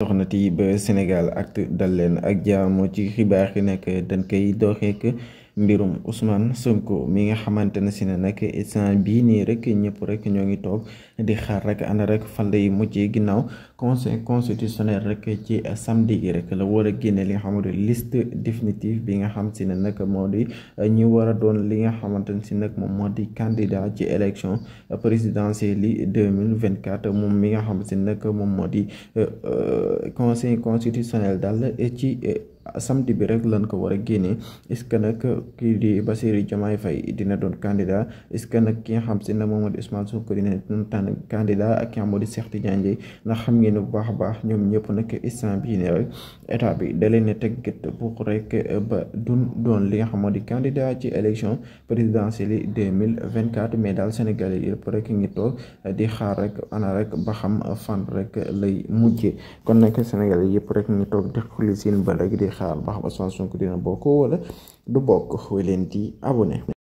soxna ti ba Sénégal ak dal leen ak jaamu ci xibaar yi nekk dañ koy dooxeek mbirum Ousmane Sonko mi nga xamante ne si ne nag instant bii nii rek ñëpp rek ñoo ngi toog di xaar rek ana rek fan lay mujjee ginnaaw conseil constitutionnel rek ci samedi gi rek la war a génne li nga xamante liste définitive bi nga xam si ne nag moo di ñi war a doon li nga xamante ne si nag moom moo di candidat ci élection présidentielle yi deux mille vingt quatre moom mi nga xam si nag moom moo di euh, conseil constitutionnel daal ci. samedi bi rek lan ko war a génne est-ce que nag kii di Bassirou Diomaye Faye dina doon candidat est-ce que nag ki nga xam si na moom di Ousmane Sonko dina doon tànn candidat ak ki nga xam di Cheikh ndax xam ngeen bu baax a baax ñoom ñëpp nag instant bii ne rek état bi da leen teg teggit pour rek ba dun doon li nga xam di candidat ci élection présidentielle 2024 mais daal Sénégal yi yëpp rek ngi toog di xaar rek ana rek ba xam fan rek lay mujjee kon nag Sénégal yi yëpp rek ngi toog di xulli ba rek di xaar ba xam Ousmane Sonko dina bokk wala du bokk way leen di abonné